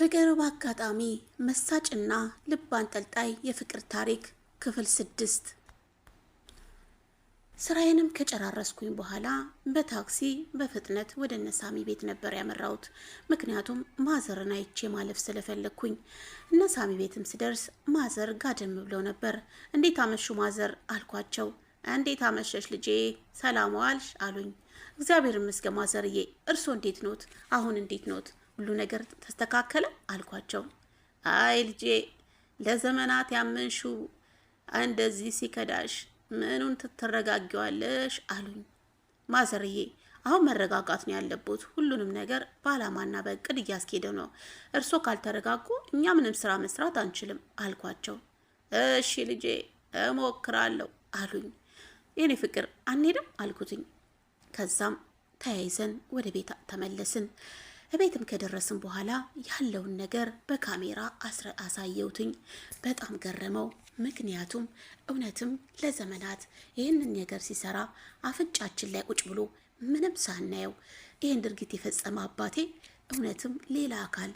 ፍቅር በአጋጣሚ መሳጭና ልብ አንጠልጣይ የፍቅር ታሪክ ክፍል ስድስት ስራዬንም ከጨራረስኩኝ በኋላ በታክሲ በፍጥነት ወደ እነሳሚ ቤት ነበር ያመራሁት። ምክንያቱም ማዘርን አይቼ ማለፍ ስለፈለግኩኝ። እነሳሚ ቤትም ስደርስ ማዘር ጋደም ብለው ነበር። እንዴት አመሹ ማዘር አልኳቸው። እንዴት አመሸሽ ልጄ፣ ሰላም ዋልሽ አሉኝ። እግዚአብሔር ይመስገን ማዘርዬ፣ እርሶ እንዴት ኖት? አሁን እንዴት ኖት? ሁሉ ነገር ተስተካከለ አልኳቸው። አይ ልጄ ለዘመናት ያመንሹ እንደዚህ ሲከዳሽ ምኑን ትተረጋጊዋለሽ አሉኝ። ማዘርዬ አሁን መረጋጋት ነው ያለቦት። ሁሉንም ነገር በዓላማና በእቅድ እያስኬደ ነው። እርስዎ ካልተረጋጉ እኛ ምንም ስራ መስራት አንችልም አልኳቸው። እሺ ልጄ እሞክራለሁ አሉኝ። የኔ ፍቅር አንሄድም አልኩትኝ። ከዛም ተያይዘን ወደ ቤት ተመለስን። እቤትም ከደረስም በኋላ ያለውን ነገር በካሜራ አሳየውትኝ። በጣም ገረመው። ምክንያቱም እውነትም ለዘመናት ይህንን ነገር ሲሰራ አፍንጫችን ላይ ቁጭ ብሎ ምንም ሳናየው ይህን ድርጊት የፈጸመ አባቴ እውነትም ሌላ አካል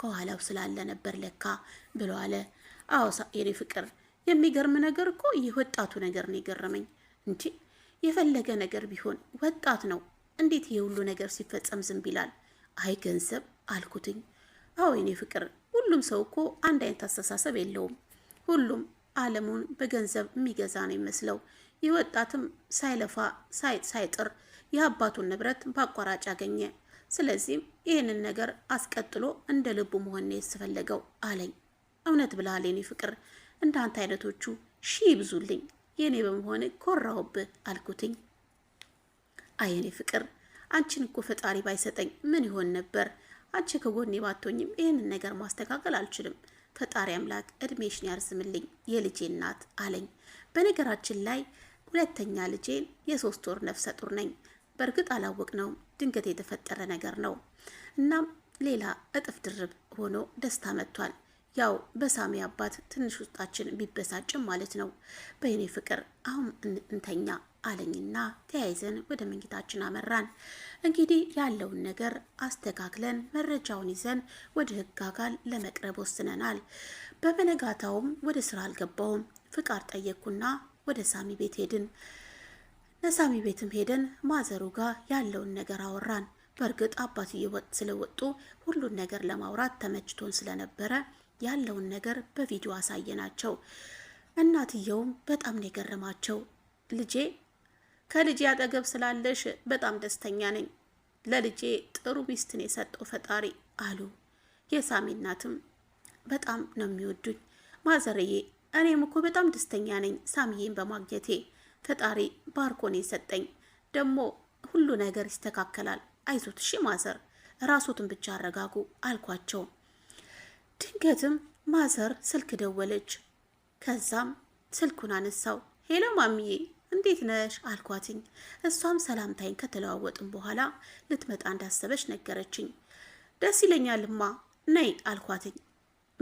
ከኋላው ስላለ ነበር ለካ ብሎ አለ። አዎሳ የኔ ፍቅር፣ የሚገርም ነገር እኮ ወጣቱ ነገር ነው የገረመኝ እንጂ የፈለገ ነገር ቢሆን ወጣት ነው። እንዴት የሁሉ ሁሉ ነገር ሲፈጸም ዝም ይላል? አይ ገንዘብ አልኩትኝ። አዎ የኔ ፍቅር፣ ሁሉም ሰው እኮ አንድ አይነት አስተሳሰብ የለውም። ሁሉም አለሙን በገንዘብ የሚገዛ ነው ይመስለው። የወጣትም ሳይለፋ ሳይጥር የአባቱን ንብረት በአቋራጭ አገኘ። ስለዚህም ይህንን ነገር አስቀጥሎ እንደ ልቡ መሆን ነው ያስፈለገው አለኝ። እውነት ብለሃል የኔ ፍቅር፣ እንዳንተ አይነቶቹ ሺ ይብዙልኝ፣ የእኔ በመሆን ኮራውብህ አልኩትኝ። አይ የኔ ፍቅር አንቺን እኮ ፈጣሪ ባይሰጠኝ ምን ይሆን ነበር? አንቺ ከጎኔ ባትሆኝም ይህንን ነገር ማስተካከል አልችልም። ፈጣሪ አምላክ እድሜሽን ያርዝምልኝ የልጄ እናት አለኝ። በነገራችን ላይ ሁለተኛ ልጄን የሶስት ወር ነፍሰ ጡር ነኝ። በእርግጥ አላወቅ ነው፣ ድንገት የተፈጠረ ነገር ነው። እናም ሌላ እጥፍ ድርብ ሆኖ ደስታ መጥቷል። ያው በሳሚ አባት ትንሽ ውስጣችን ቢበሳጭም ማለት ነው። በይኔ ፍቅር አሁን እንተኛ አለኝና ተያይዘን ወደ መኝታችን አመራን። እንግዲህ ያለውን ነገር አስተካክለን መረጃውን ይዘን ወደ ህግ አካል ለመቅረብ ወስነናል። በመነጋታውም ወደ ስራ አልገባውም። ፍቃድ ጠየቅኩና ወደ ሳሚ ቤት ሄድን። ለሳሚ ቤትም ሄደን ማዘሩ ጋር ያለውን ነገር አወራን። በእርግጥ አባትዬ ስለወጡ ሁሉን ነገር ለማውራት ተመችቶን ስለነበረ ያለውን ነገር በቪዲዮ አሳየናቸው። እናትየውም በጣም ነው የገረማቸው። ልጄ ከልጄ አጠገብ ስላለሽ በጣም ደስተኛ ነኝ፣ ለልጄ ጥሩ ሚስትን የሰጠው ፈጣሪ አሉ። የሳሚ እናትም በጣም ነው የሚወዱኝ ማዘርዬ፣ እኔም እኮ በጣም ደስተኛ ነኝ ሳሚዬን በማግኘቴ ፈጣሪ ባርኮን የሰጠኝ ደግሞ ሁሉ ነገር ይስተካከላል። አይዞት ሺ ማዘር፣ ራሶትን ብቻ አረጋጉ አልኳቸው። ድንገትም ማዘር ስልክ ደወለች። ከዛም ስልኩን አነሳው። ሄሎ ማሚዬ እንዴት ነሽ አልኳትኝ። እሷም ሰላምታይን ከተለዋወጥም በኋላ ልትመጣ እንዳሰበች ነገረችኝ። ደስ ይለኛልማ ነይ አልኳትኝ።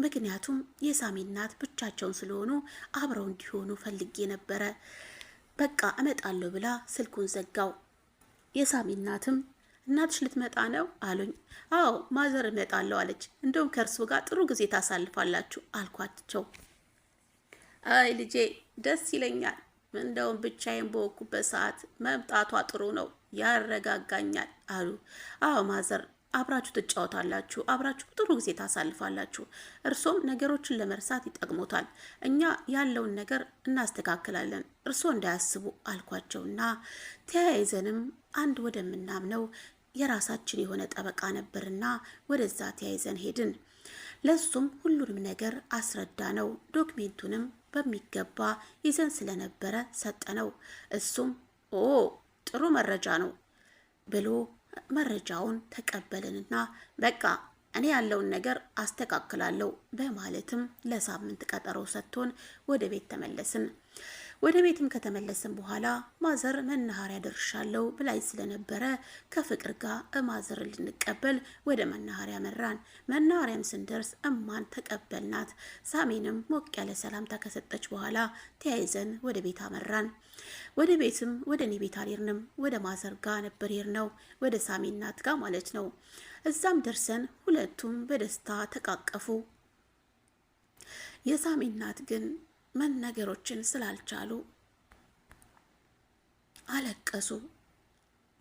ምክንያቱም የሳሚ እናት ብቻቸውን ስለሆኑ አብረው እንዲሆኑ ፈልጌ ነበረ። በቃ እመጣለሁ ብላ ስልኩን ዘጋው። የሳሚ እናትም እናትሽ ልትመጣ ነው አሉኝ። አዎ ማዘር እመጣለሁ አለች። እንደውም ከእርሶ ጋር ጥሩ ጊዜ ታሳልፋላችሁ አልኳቸው። አይ ልጄ ደስ ይለኛል። እንደውም ብቻዬን በወኩበት ሰዓት መምጣቷ ጥሩ ነው፣ ያረጋጋኛል አሉ። አዎ ማዘር አብራችሁ ትጫወታላችሁ፣ አብራችሁ ጥሩ ጊዜ ታሳልፋላችሁ። እርሶም ነገሮችን ለመርሳት ይጠቅሞታል። እኛ ያለውን ነገር እናስተካክላለን፣ እርሶ እንዳያስቡ አልኳቸውና ተያይዘንም አንድ ወደምናምነው የራሳችን የሆነ ጠበቃ ነበርና ወደዛ ተያይዘን ሄድን። ለሱም ሁሉንም ነገር አስረዳ ነው። ዶክሜንቱንም በሚገባ ይዘን ስለነበረ ሰጠ ነው። እሱም ኦ ጥሩ መረጃ ነው ብሎ መረጃውን ተቀበልንና በቃ እኔ ያለውን ነገር አስተካክላለሁ በማለትም ለሳምንት ቀጠሮ ሰጥቶን ወደ ቤት ተመለስን። ወደ ቤትም ከተመለስን በኋላ ማዘር መናኸሪያ ደርሻለሁ ብላይ ስለነበረ ከፍቅር ጋር እማዘር ልንቀበል ወደ መናኸሪያ መራን። መናኸሪያም ስንደርስ እማን ተቀበልናት። ሳሜንም ሞቅ ያለ ሰላምታ ከሰጠች በኋላ ተያይዘን ወደ ቤት አመራን። ወደ ቤትም ወደ እኔ ቤት አልሄድንም። ወደ ማዘር ጋ ነበር የሄድነው፣ ወደ ሳሜ እናት ማለት ነው። እዛም ደርሰን ሁለቱም በደስታ ተቃቀፉ። የሳሜ እናት ግን መነገሮችን ስላልቻሉ አለቀሱ።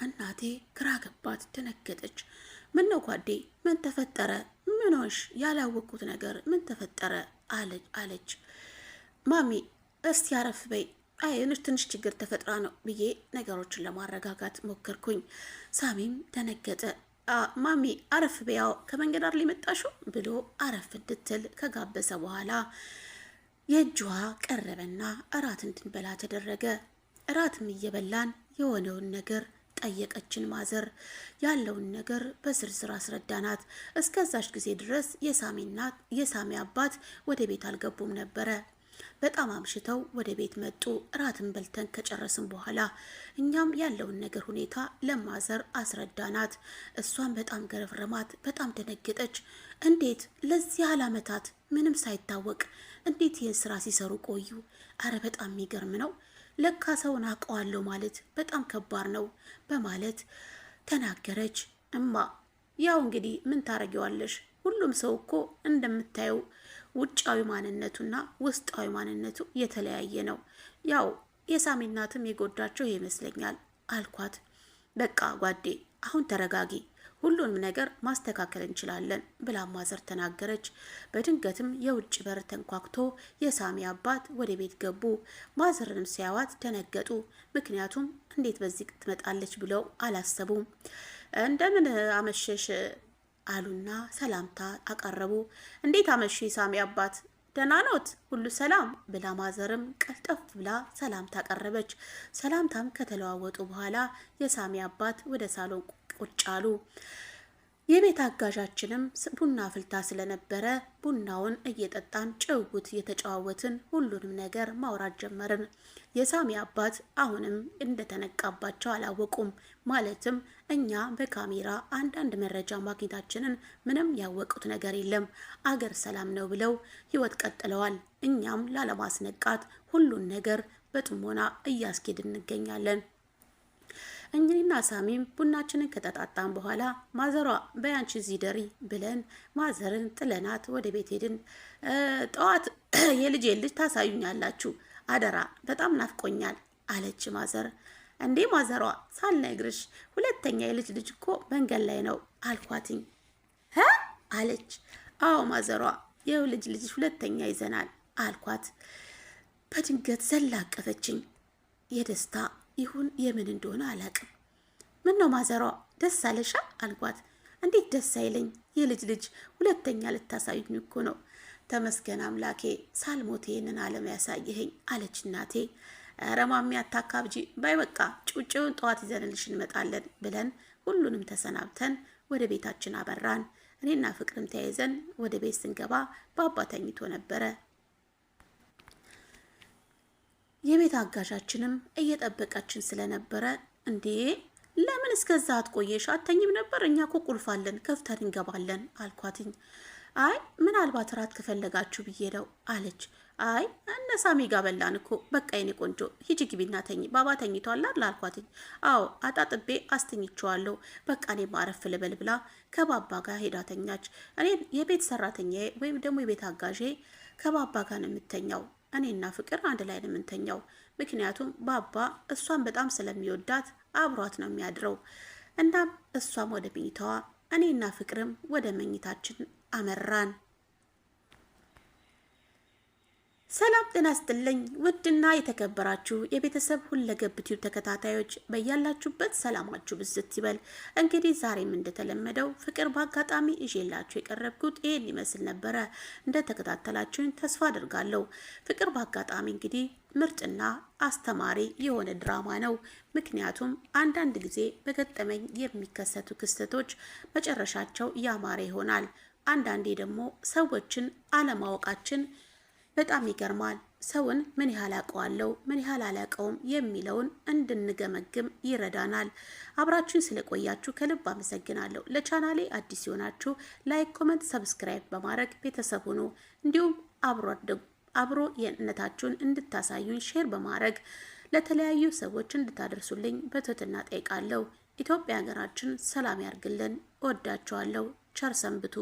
እናቴ ግራ ገባት፣ ደነገጠች። ምን ነው ጓዴ፣ ምን ተፈጠረ? ምን ሆንሽ? ያላወቅኩት ነገር ምን ተፈጠረ? አለች። ማሚ እስቲ አረፍ በይ፣ አይንሽ ትንሽ ችግር ተፈጥራ ነው ብዬ ነገሮችን ለማረጋጋት ሞከርኩኝ። ሳሚም ደነገጠ። ማሚ አረፍ በያው ከመንገድ ዳር ሊመጣሹ ብሎ አረፍ እንድትል ከጋበሰ በኋላ የእጇ ቀረበና እራት እንድንበላ ተደረገ። እራትም እየበላን የሆነውን ነገር ጠየቀችን። ማዘር ያለውን ነገር በዝርዝር አስረዳናት። እስከዛች ጊዜ ድረስ የሳሚናት የሳሚ አባት ወደ ቤት አልገቡም ነበረ። በጣም አምሽተው ወደ ቤት መጡ። እራትን በልተን ከጨረስን በኋላ እኛም ያለውን ነገር ሁኔታ ለማዘር አስረዳናት። እሷን በጣም ገረፍረማት፣ በጣም ደነገጠች። እንዴት ለዚህ ያህል አመታት ምንም ሳይታወቅ እንዴት ይህን ስራ ሲሰሩ ቆዩ? አረ በጣም የሚገርም ነው። ለካ ሰውን አውቀዋለሁ ማለት በጣም ከባድ ነው በማለት ተናገረች። እማ ያው እንግዲህ ምን ታረጊዋለሽ? ሁሉም ሰው እኮ እንደምታየው ውጫዊ ማንነቱና ውስጣዊ ማንነቱ የተለያየ ነው። ያው የሳሚናትም የጎዳቸው ይመስለኛል አልኳት። በቃ ጓዴ አሁን ተረጋጊ ሁሉንም ነገር ማስተካከል እንችላለን ብላ ማዘር ተናገረች። በድንገትም የውጭ በር ተንኳክቶ የሳሚ አባት ወደ ቤት ገቡ። ማዘርንም ሲያዋት ደነገጡ። ምክንያቱም እንዴት በዚህ ትመጣለች ብለው አላሰቡም። እንደምን አመሸሽ አሉና ሰላምታ አቀረቡ። እንዴት አመሽ ሳሚ አባት ደህና ኖት? ሁሉ ሰላም ብላ ማዘርም ቀልጠፍ ብላ ሰላምታ አቀረበች። ሰላምታም ከተለዋወጡ በኋላ የሳሚ አባት ወደ ሳሎን ቁጭ አሉ። የቤት አጋዣችንም ቡና ፍልታ ስለነበረ ቡናውን እየጠጣን ጭውውት እየተጨዋወትን ሁሉንም ነገር ማውራት ጀመርን። የሳሚ አባት አሁንም እንደተነቃባቸው አላወቁም። ማለትም እኛ በካሜራ አንዳንድ መረጃ ማግኘታችንን ምንም ያወቁት ነገር የለም። አገር ሰላም ነው ብለው ህይወት ቀጥለዋል። እኛም ላለማስነቃት ሁሉን ነገር በጥሞና እያስኬድ እንገኛለን። እኔና ሳሚም ቡናችንን ከጠጣጣም በኋላ ማዘሯ በያንቺ እዚህ ደሪ ብለን ማዘርን ጥለናት ወደ ቤት ሄድን። ጠዋት የልጄ ልጅ ታሳዩኛላችሁ አደራ፣ በጣም ናፍቆኛል አለች ማዘር። እንዴ ማዘሯ ሳልነግርሽ ሁለተኛ የልጅ ልጅ እኮ መንገድ ላይ ነው አልኳትኝ። አለች። አዎ ማዘሯ የው ልጅ ልጅ ሁለተኛ ይዘናል አልኳት። በድንገት ዘላቀፈችኝ የደስታ ይሁን የምን እንደሆነ አላቅም ምን ነው ማዘሯ ደስ አለሻ አልኳት። እንዴት ደስ አይለኝ የልጅ ልጅ ሁለተኛ ልታሳዩኝ እኮ ነው። ተመስገን አምላኬ ሳልሞት ይህንን ዓለም ያሳየኸኝ አለች እናቴ። ኧረ ማሚ አታካብጂ ባይ ጩጬውን ጠዋት ይዘንልሽ እንመጣለን ብለን ሁሉንም ተሰናብተን ወደ ቤታችን አበራን። እኔና ፍቅርም ተያይዘን ወደ ቤት ስንገባ በአባ ተኝቶ ነበረ። የቤት አጋዣችንም እየጠበቀችን ስለነበረ እንዴ ለምን እስከዛ አትቆየሽ? አተኝም ነበር እኛ ኮ ቁልፋለን ከፍተን እንገባለን አልኳትኝ። አይ ምናልባት ራት ከፈለጋችሁ ብዬ ነው አለች። አይ እነ ሳሚ ጋ በላን እኮ በቃ የኔ ቆንጆ ሂጂ ግቢና ተኝ። ባባ ተኝቷል አልኳትኝ። አዎ አጣጥቤ አስተኝቸዋለሁ በቃ እኔ ማረፍ ልበል ብላ ከባባ ጋር ሄዳ ተኛች። እኔ የቤት ሰራተኛዬ ወይም ደግሞ የቤት አጋዤ ከባባ ጋር ነው የምተኛው። እኔና ፍቅር አንድ ላይ ነው የምንተኛው። ምክንያቱም ባባ እሷን በጣም ስለሚወዳት አብሯት ነው የሚያድረው። እናም እሷም ወደ መኝታዋ፣ እኔና ፍቅርም ወደ መኝታችን አመራን። ሰላም ጤና ስጥልኝ። ውድና የተከበራችሁ የቤተሰብ ሁለገብ ቲዩብ ተከታታዮች በያላችሁበት ሰላማችሁ ብዝት ይበል። እንግዲህ ዛሬም እንደተለመደው ፍቅር በአጋጣሚ ይዤላችሁ የቀረብኩት ይሄን ይመስል ነበረ። እንደተከታተላችሁኝ ተስፋ አድርጋለሁ። ፍቅር በአጋጣሚ እንግዲህ ምርጥና አስተማሪ የሆነ ድራማ ነው። ምክንያቱም አንዳንድ ጊዜ በገጠመኝ የሚከሰቱ ክስተቶች መጨረሻቸው ያማረ ይሆናል። አንዳንዴ ደግሞ ሰዎችን አለማወቃችን በጣም ይገርማል። ሰውን ምን ያህል አውቀዋለሁ፣ ምን ያህል አላውቀውም የሚለውን እንድንገመግም ይረዳናል። አብራችሁን ስለቆያችሁ ከልብ አመሰግናለሁ። ለቻናሌ አዲስ የሆናችሁ ላይክ፣ ኮመንት፣ ሰብስክራይብ በማድረግ ቤተሰብ ሁኑ። እንዲሁም አብሮ የእነታችሁን እንድታሳዩን ሼር በማድረግ ለተለያዩ ሰዎች እንድታደርሱልኝ በትህትና ጠይቃለሁ። ኢትዮጵያ ሀገራችን ሰላም ያርግልን። እወዳችኋለሁ። ቸር ሰንብቱ።